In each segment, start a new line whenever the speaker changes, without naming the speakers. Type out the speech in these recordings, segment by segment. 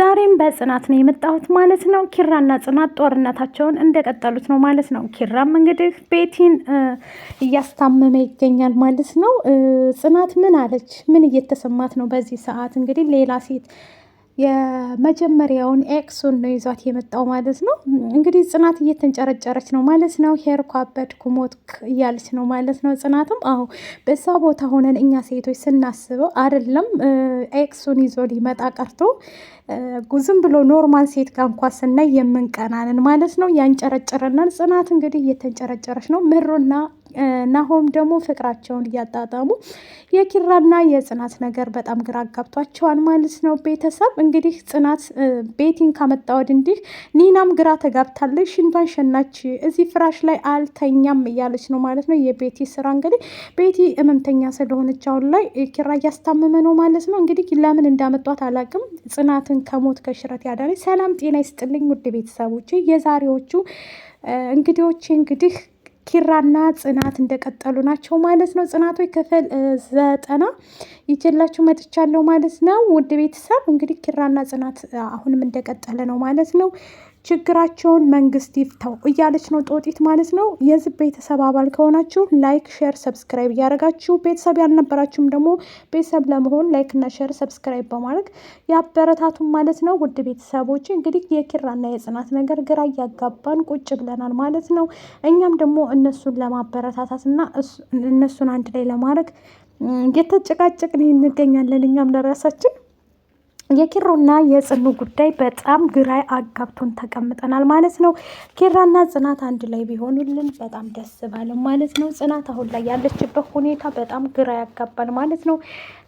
ዛሬም በጽናት ነው የመጣሁት ማለት ነው። ኪራና ጽናት ጦርነታቸውን እንደቀጠሉት ነው ማለት ነው። ኪራም እንግዲህ ቤቲን እያስታመመ ይገኛል ማለት ነው። ጽናት ምን አለች? ምን እየተሰማት ነው? በዚህ ሰዓት እንግዲህ ሌላ ሴት የመጀመሪያውን ኤክሱን ነው ይዟት የመጣው ማለት ነው። እንግዲህ ጽናት እየተንጨረጨረች ነው ማለት ነው። ሄር ኳበድኩ ሞትክ እያለች ነው ማለት ነው። ጽናትም አሁ በዛ ቦታ ሆነን እኛ ሴቶች ስናስበው አይደለም ኤክሱን ይዞ ሊመጣ ቀርቶ ዝም ብሎ ኖርማል ሴት ጋር እንኳ ስናይ የምንቀናንን ማለት ነው። ያንጨረጨረናል። ጽናት እንግዲህ እየተንጨረጨረች ነው ምሩና ናሆም ደግሞ ፍቅራቸውን እያጣጣሙ የኪራና የጽናት ነገር በጣም ግራ ጋብቷቸዋል ማለት ነው። ቤተሰብ እንግዲህ ጽናት ቤቲን ካመጣ ወዲህ እንዲህ ኒናም ግራ ተጋብታለች። ሽንቷን ሸናች፣ እዚህ ፍራሽ ላይ አልተኛም እያለች ነው ማለት ነው። የቤቲ ስራ እንግዲህ ቤቲ እመምተኛ ስለሆነች አሁን ላይ ኪራ እያስታመመ ነው ማለት ነው። እንግዲህ ለምን እንዳመጧት አላቅም። ጽናትን ከሞት ከሽረት ያዳነች። ሰላም ጤና ይስጥልኝ ውድ ቤተሰቦች የዛሬዎቹ እንግዲዎች እንግዲህ ኪራና ጽናት እንደቀጠሉ ናቸው ማለት ነው። ጽናቶች ክፍል ዘጠና ይችላችሁ መጥቻለሁ ማለት ነው። ውድ ቤተሰብ እንግዲህ ኪራና ጽናት አሁንም እንደቀጠለ ነው ማለት ነው። ችግራቸውን መንግስት ይፍታው እያለች ነው ጦጢት ማለት ነው። የዚህ ቤተሰብ አባል ከሆናችሁ ላይክ፣ ሼር፣ ሰብስክራይብ እያደረጋችሁ ቤተሰብ ያልነበራችሁም ደግሞ ቤተሰብ ለመሆን ላይክና ሼር ሰብስክራይብ በማድረግ ያበረታቱን ማለት ነው። ውድ ቤተሰቦች እንግዲህ የኪራና የጽናት ነገር ግራ እያጋባን ቁጭ ብለናል ማለት ነው። እኛም ደግሞ እነሱን ለማበረታታትና እነሱን አንድ ላይ ለማድረግ እየተጨቃጨቅን እንገኛለን እኛም ለራሳችን የኪሩና የጽኑ ጉዳይ በጣም ግራ አጋብቶን ተቀምጠናል ማለት ነው። ኪራና ጽናት አንድ ላይ ቢሆኑልን በጣም ደስ ባለ ማለት ነው። ጽናት አሁን ላይ ያለችበት ሁኔታ በጣም ግራ ያጋባል ማለት ነው።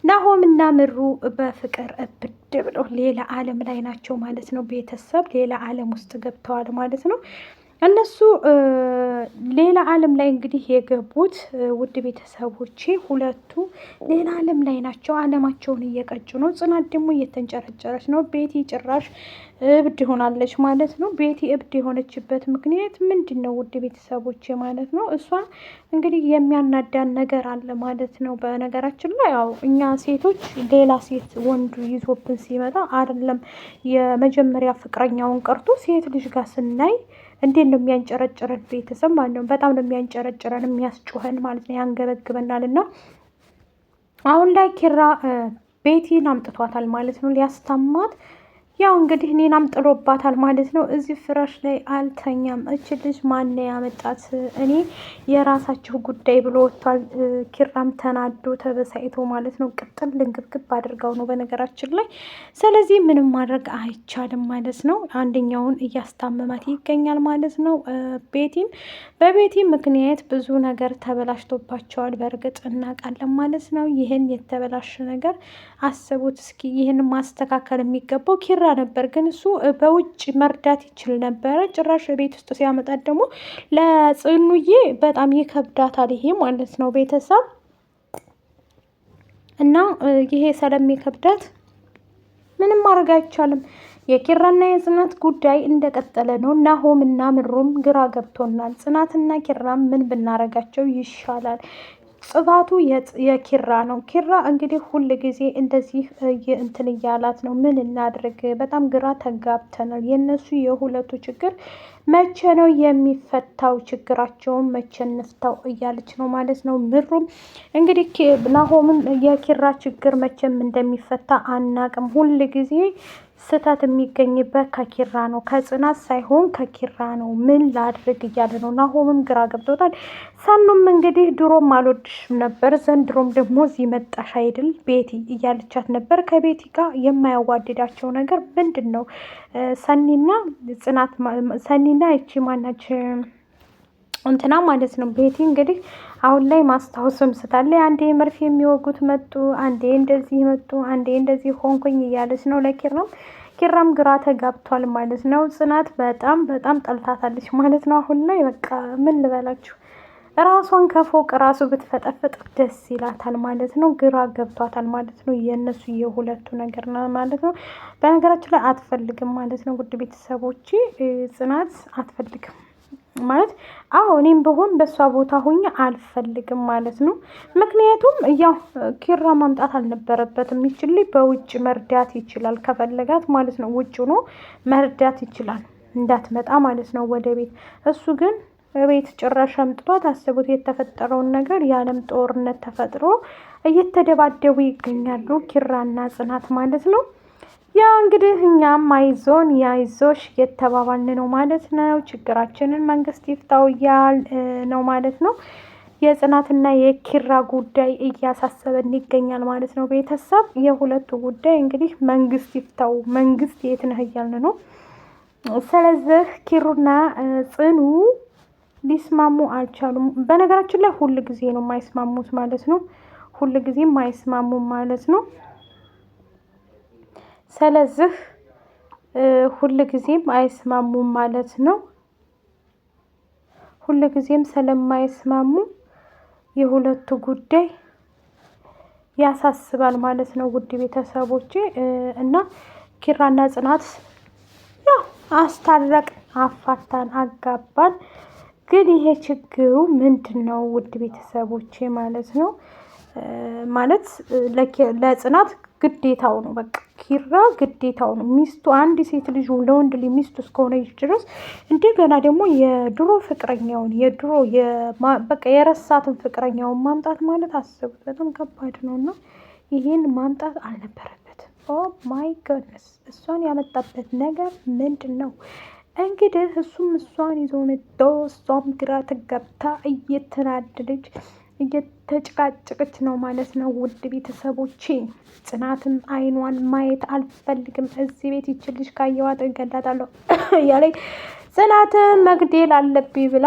ናሆም እና ምሩ በፍቅር እብድ ብለው ሌላ ዓለም ላይ ናቸው ማለት ነው። ቤተሰብ ሌላ ዓለም ውስጥ ገብተዋል ማለት ነው። እነሱ ሌላ ዓለም ላይ እንግዲህ የገቡት ውድ ቤተሰቦቼ ሁለቱ ሌላ ዓለም ላይ ናቸው። ዓለማቸውን እየቀጭ ነው። ጽናት ደግሞ እየተንጨረጨረች ነው። ቤቲ ጭራሽ እብድ ሆናለች ማለት ነው። ቤቲ እብድ የሆነችበት ምክንያት ምንድን ነው? ውድ ቤተሰቦች ማለት ነው። እሷ እንግዲህ የሚያናዳን ነገር አለ ማለት ነው። በነገራችን ላይ ያው እኛ ሴቶች ሌላ ሴት ወንዱ ይዞብን ሲመጣ አይደለም የመጀመሪያ ፍቅረኛውን ቀርቶ ሴት ልጅ ጋር ስናይ እንዴት ነው የሚያንጨረጭረን? ቤተሰብ ማለት ነው። በጣም ነው የሚያንጨረጭረን፣ የሚያስጮኸን ማለት ነው። ያንገበግበናል እና አሁን ላይ ኪራ ቤቲን አምጥቷታል ማለት ነው ሊያስታማት ያው እንግዲህ ኔናም ጥሎባታል ማለት ነው። እዚህ ፍራሽ ላይ አልተኛም። እች ልጅ ማን ያመጣት እኔ የራሳችሁ ጉዳይ ብሎ ወጥቷል። ኪራም ተናዶ ተበሳይቶ ማለት ነው ቅጥል ልንግብግብ አድርገው ነው በነገራችን ላይ። ስለዚህ ምንም ማድረግ አይቻልም ማለት ነው። አንደኛውን እያስታመማት ይገኛል ማለት ነው። ቤቲም በቤቲ ምክንያት ብዙ ነገር ተበላሽቶባቸዋል። በእርግጥ እናውቃለን ማለት ነው። ይህን የተበላሸ ነገር አስቡት እስኪ። ይህን ማስተካከል የሚገባው ኪራ ነበር፣ ግን እሱ በውጭ መርዳት ይችል ነበረ። ጭራሽ ቤት ውስጥ ሲያመጣት ደግሞ ለጽኑዬ በጣም ይከብዳታል። ይሄ ማለት ነው ቤተሰብ እና ይሄ ስለሚከብዳት ምንም ማድረግ አይቻልም። የኪራና የጽናት ጉዳይ እንደቀጠለ ነው። ናሆም እና ምሩም ግራ ገብቶናል። ጽናትና ኪራም ምን ብናረጋቸው ይሻላል? ጥፋቱ የኪራ ነው። ኪራ እንግዲህ ሁል ጊዜ እንደዚህ እንትን እያላት ነው። ምን እናድርግ? በጣም ግራ ተጋብተናል። የእነሱ የሁለቱ ችግር መቼ ነው የሚፈታው? ችግራቸውን መቼ እንፍታው እያለች ነው ማለት ነው። ምሩም እንግዲህ ናሆምን የኪራ ችግር መቼም እንደሚፈታ አናቅም ሁል ጊዜ ስህተት የሚገኝበት ከኪራ ነው፣ ከጽናት ሳይሆን ከኪራ ነው። ምን ላድርግ እያለ ነው። ናሆምም ግራ ገብቶታል። ሰኑም እንግዲህ ድሮም አልወድሽም ነበር፣ ዘንድሮም ደግሞ እዚህ መጣሽ አይደል ቤቲ እያለቻት ነበር። ከቤቲ ጋር የማያዋድዳቸው ነገር ምንድን ነው? ሰኒና ጽናት ሰኒና ይቺ ማናች እንትና ማለት ነው ቤቲ እንግዲህ አሁን ላይ ማስታወስም ስታለ አንዴ መርፌ የሚወጉት መጡ፣ አንዴ እንደዚህ መጡ፣ አንዴ እንደዚህ ሆንኩኝ እያለች ነው ለኪር ነው ኪራም ግራ ተጋብቷል ማለት ነው። ጽናት በጣም በጣም ጠልታታለች ማለት ነው። አሁን ላይ በቃ ምን ልበላችሁ ራሷን ከፎቅ ራሱ ብትፈጠፍጥ ደስ ይላታል ማለት ነው። ግራ ገብቷታል ማለት ነው። የእነሱ የሁለቱ ነገር ማለት ነው። በነገራችን ላይ አትፈልግም ማለት ነው። ውድ ቤተሰቦች ጽናት አትፈልግም። ማለት አዎ እኔም ብሆን በእሷ ቦታ ሁኜ አልፈልግም ማለት ነው። ምክንያቱም ያው ኪራ ማምጣት አልነበረበትም። ይችል በውጭ መርዳት ይችላል ከፈለጋት ማለት ነው። ውጭ ሆኖ መርዳት ይችላል እንዳትመጣ ማለት ነው ወደ ቤት። እሱ ግን ቤት ጭራሽ አምጥቷት አስቡት የተፈጠረውን ነገር የዓለም ጦርነት ተፈጥሮ እየተደባደቡ ይገኛሉ ኪራና ጽናት ማለት ነው። ያው እንግዲህ እኛም አይዞን ያይዞሽ የተባባልን ነው ማለት ነው። ችግራችንን መንግስት ይፍታው እያል ነው ማለት ነው። የጽናትና የኪራ ጉዳይ እያሳሰበን ይገኛል ማለት ነው። ቤተሰብ የሁለቱ ጉዳይ እንግዲህ መንግስት ይፍታው፣ መንግስት የት ነህ እያልን ነው። ስለዚህ ኪሩና ጽኑ ሊስማሙ አልቻሉም። በነገራችን ላይ ሁል ጊዜ ነው የማይስማሙት ማለት ነው። ሁል ጊዜም አይስማሙም ማለት ነው። ስለዚህ ሁል ጊዜም አይስማሙም ማለት ነው። ሁል ጊዜም ስለማይስማሙ የሁለቱ ጉዳይ ያሳስባል ማለት ነው። ውድ ቤተሰቦች እና ኪራና ጽናት ያው አስታረቅ፣ አፋታን፣ አጋባን። ግን ይሄ ችግሩ ምንድን ነው? ውድ ቤተሰቦቼ ማለት ነው ማለት ለጽናት ግዴታው ነው። በቃ ኪራ ግዴታው ነው። ሚስቱ አንድ ሴት ልጅ ለወንድ ልጅ ሚስቱ እስከሆነች ድረስ እንደገና ደግሞ የድሮ ፍቅረኛውን የድሮ በቃ የረሳትን ፍቅረኛውን ማምጣት ማለት አስቡት፣ በጣም ከባድ ነው እና ይህን ማምጣት አልነበረበትም። ኦ ማይ ጎድነስ እሷን ያመጣበት ነገር ምንድን ነው? እንግዲህ እሱም እሷን ይዞ መጥቶ እሷም ግራ ትገብታ እየተናደደች እየተጨቃጨቀች ነው ማለት ነው። ውድ ቤተሰቦቼ ጽናትም አይኗን ማየት አልፈልግም፣ እዚህ ቤት ይችልሽ ካየዋት እገላታለሁ እያለኝ ጽናትም መግደል አለብኝ ብላ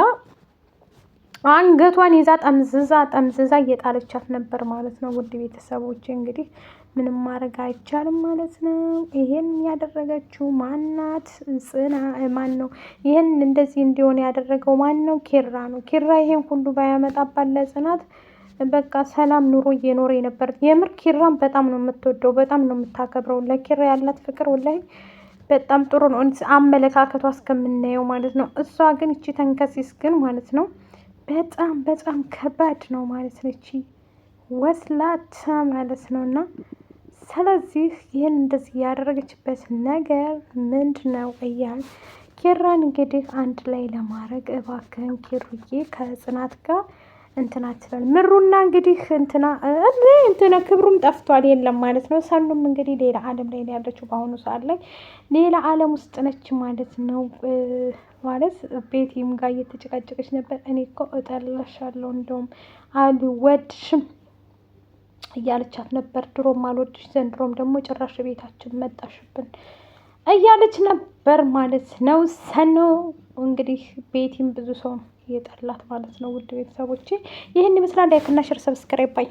አንገቷን ይዛ ጠምዝዛ ጠምዝዛ እየጣለቻት ነበር ማለት ነው። ውድ ቤተሰቦች እንግዲህ ምንም ማድረግ አይቻልም ማለት ነው። ይሄን ያደረገችው ማናት? ጽና ማን ነው? ይህን እንደዚህ እንዲሆን ያደረገው ማን ነው? ኪራ ነው። ኪራ ይሄን ሁሉ ባያመጣባት ለጽናት በቃ ሰላም ኑሮ እየኖረ የነበር። የምር ኪራን በጣም ነው የምትወደው፣ በጣም ነው የምታከብረው። ለኪራ ያላት ፍቅር ወላሂ በጣም ጥሩ ነው። አመለካከቷ እስከምናየው ማለት ነው። እሷ ግን እቺ ተንከሲስ ግን ማለት ነው በጣም በጣም ከባድ ነው ማለት እቺ ወስላታ ማለት ነው። እና ስለዚህ ይህን እንደዚህ ያደረገችበት ነገር ምንድን ነው እያል ኪራን እንግዲህ አንድ ላይ ለማድረግ እባክህን ኪሩዬ ከጽናት ጋር እንትና ትላል ምሩና እንግዲህ እንትና እንትና ክብሩም ጠፍቷል የለም ማለት ነው። ሰኑም እንግዲህ ሌላ ዓለም ላይ ያለችው በአሁኑ ሰዓት ላይ ሌላ ዓለም ውስጥ ነች ማለት ነው። ማለት ቤቲም ጋር እየተጨቃጨቀች ነበር። እኔ እኮ እጠላሻለሁ እንደውም አልወድሽም እያለቻት ነበር። ድሮም አልወድሽ ዘንድሮም ደግሞ ጭራሽ ቤታችን መጣሽብን እያለች ነበር ማለት ነው። ሰኑ እንግዲህ ቤቲም ብዙ ሰው ነው የጠላት ማለት ነው። ውድ ቤተሰቦቼ ይህን ይመስላል። ላይክና ሸር ሰብስክራይብ ባይ